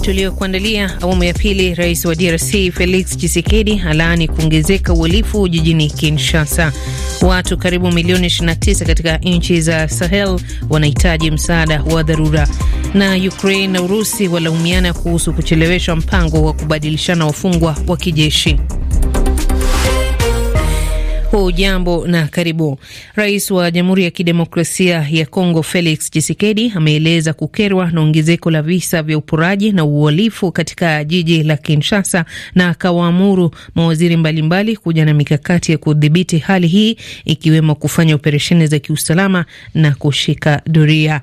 tuliyokuandalia awamu ya pili. Rais wa DRC Felix Tshisekedi alaani kuongezeka uhalifu jijini Kinshasa. Watu karibu milioni 29 katika nchi za Sahel wanahitaji msaada wa dharura. Na Ukraine na Urusi walaumiana kuhusu kucheleweshwa mpango wa kubadilishana wafungwa wa kijeshi. Hujambo na karibu. Rais wa Jamhuri ya Kidemokrasia ya Kongo Felix Tshisekedi ameeleza kukerwa na ongezeko la visa vya uporaji na uhalifu katika jiji la Kinshasa na akawaamuru mawaziri mbalimbali kuja na mikakati ya kudhibiti hali hii, ikiwemo kufanya operesheni za kiusalama na kushika doria.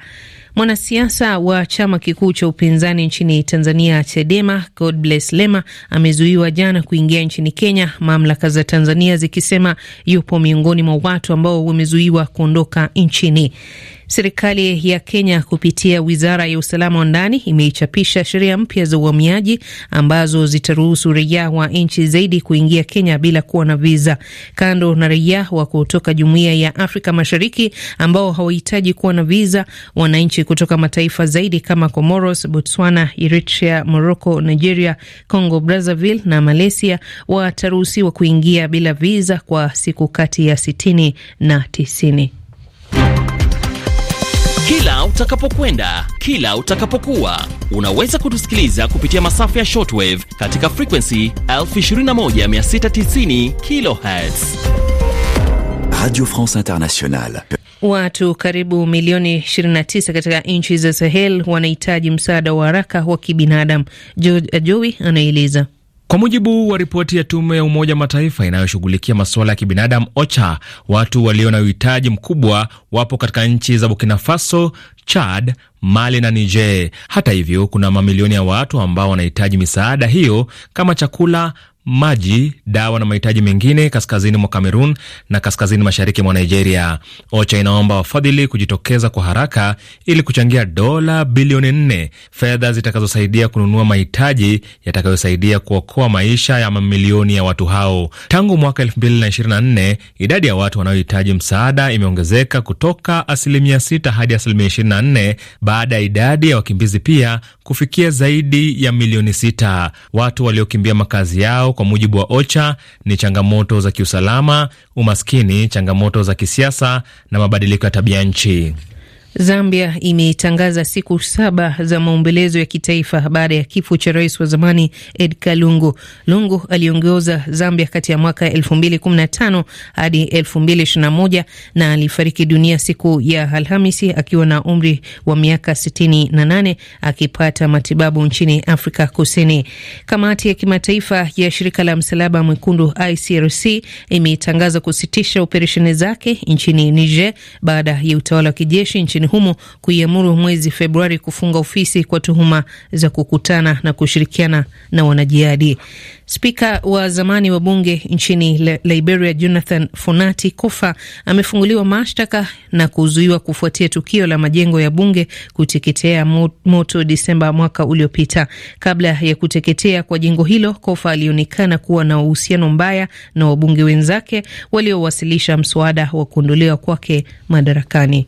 Mwanasiasa wa chama kikuu cha upinzani nchini Tanzania, Chadema, Godbless Lema amezuiwa jana kuingia nchini Kenya, mamlaka za Tanzania zikisema yupo miongoni mwa watu ambao wamezuiwa kuondoka nchini. Serikali ya Kenya kupitia wizara ya usalama wa ndani imeichapisha sheria mpya za uhamiaji ambazo zitaruhusu raia wa nchi zaidi kuingia Kenya bila kuwa na viza. Kando na raia wa kutoka jumuiya ya Afrika Mashariki ambao hawahitaji kuwa na viza, wananchi kutoka mataifa zaidi kama Comoros, Botswana, Eritrea, Morocco, Nigeria, Congo Brazzaville na Malaysia wataruhusiwa kuingia bila viza kwa siku kati ya sitini na tisini. Kila utakapokwenda, kila utakapokuwa, unaweza kutusikiliza kupitia masafa ya shortwave katika frequency 21690 kh Radio France Internationale. Watu karibu milioni 29 katika nchi za Sahel wanahitaji msaada wa haraka wa kibinadamu. Jo, Ajowi anaeleza. Kwa mujibu wa ripoti ya tume ya Umoja wa Mataifa inayoshughulikia masuala ya kibinadamu OCHA, watu walio na uhitaji mkubwa wapo katika nchi za Burkina Faso, Chad, Mali na Niger. Hata hivyo, kuna mamilioni ya watu ambao wanahitaji misaada hiyo kama chakula, maji, dawa na mahitaji mengine kaskazini mwa Kamerun na kaskazini mashariki mwa Nigeria. OCHA inaomba wafadhili kujitokeza kwa haraka ili kuchangia dola bilioni nne, fedha zitakazosaidia kununua mahitaji yatakayosaidia kuokoa maisha ya mamilioni ya watu hao. Tangu mwaka 2024 idadi ya watu wanaohitaji msaada imeongezeka kutoka asilimia 6 hadi asilimia 24 baada ya idadi ya wakimbizi pia kufikia zaidi ya milioni 6. Watu waliokimbia makazi yao kwa mujibu wa OCHA ni changamoto za kiusalama, umaskini, changamoto za kisiasa na mabadiliko ya tabia nchi. Zambia imetangaza siku saba za maombolezo ya kitaifa baada ya kifo cha rais wa zamani Edgar Lungu. Lungu aliongoza Zambia kati ya mwaka 2015 hadi 2021 na alifariki dunia siku ya Alhamisi akiwa na umri wa miaka 68 akipata matibabu nchini Afrika Kusini. Kamati ya kimataifa ya shirika la msalaba mwekundu ICRC imetangaza kusitisha operesheni zake nchini Niger baada ya utawala wa kijeshi nchini nchini humo kuiamuru mwezi Februari kufunga ofisi kwa tuhuma za kukutana na kushirikiana na wanajihadi. Spika wa zamani wa bunge nchini Liberia Jonathan Fonati Kofa amefunguliwa mashtaka na kuzuiwa kufuatia tukio la majengo ya bunge kuteketea moto Desemba mwaka uliopita. Kabla ya kuteketea kwa jengo hilo, Kofa alionekana kuwa na uhusiano mbaya na wabunge wenzake waliowasilisha mswada wa kuondolewa kwake madarakani.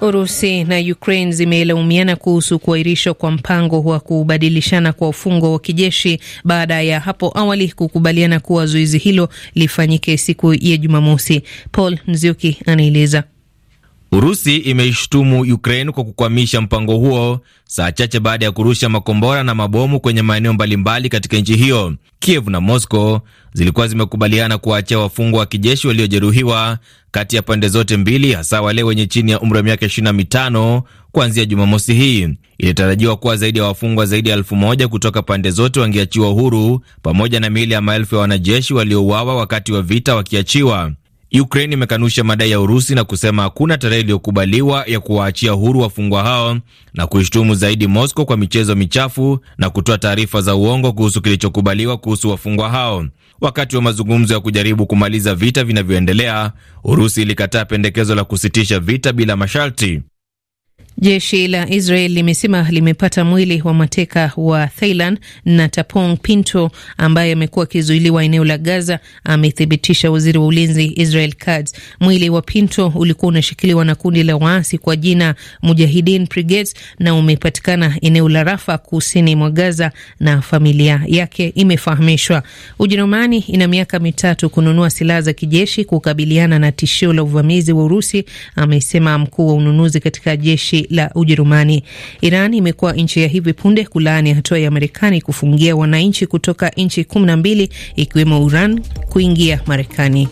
Urusi na Ukraine zimelaumiana kuhusu kuahirishwa kwa mpango wa kubadilishana kwa ufungo wa kijeshi baada ya hapo awali kukubaliana kuwa zoezi hilo lifanyike siku ya Jumamosi. Paul Nzioki anaeleza. Urusi imeishtumu Ukraine kwa kukwamisha mpango huo saa chache baada ya kurusha makombora na mabomu kwenye maeneo mbalimbali katika nchi hiyo. Kiev na Moscow zilikuwa zimekubaliana kuwaachia wafungwa wa kijeshi waliojeruhiwa kati ya pande zote mbili, hasa wale wenye chini ya umri wa miaka 25 kuanzia Jumamosi hii. Ilitarajiwa kuwa zaidi ya wafungwa zaidi ya elfu moja kutoka pande zote wangeachiwa huru pamoja na miili ya maelfu ya wanajeshi waliouawa wakati wa vita wakiachiwa. Ukraine imekanusha madai ya Urusi na kusema hakuna tarehe iliyokubaliwa ya kuwaachia huru wafungwa hao na kuishtumu zaidi Moscow kwa michezo michafu na kutoa taarifa za uongo kuhusu kilichokubaliwa kuhusu wafungwa hao. Wakati wa mazungumzo ya kujaribu kumaliza vita vinavyoendelea, Urusi ilikataa pendekezo la kusitisha vita bila masharti. Jeshi la Israel limesema limepata mwili wa mateka wa Thailand na Tapong Pinto ambaye amekuwa akizuiliwa eneo la Gaza, amethibitisha waziri wa ulinzi Israel Katz. Mwili wa Pinto ulikuwa unashikiliwa na kundi la waasi kwa jina Mujahidin Brigades na umepatikana eneo la Rafa, kusini mwa Gaza, na familia yake imefahamishwa. Ujerumani ina miaka mitatu kununua silaha za kijeshi kukabiliana na tishio la uvamizi wa Urusi, amesema mkuu wa ununuzi katika jeshi la Ujerumani. Iran imekuwa nchi ya hivi punde kulaani hatua ya Marekani kufungia wananchi kutoka nchi kumi na mbili ikiwemo Iran kuingia Marekani.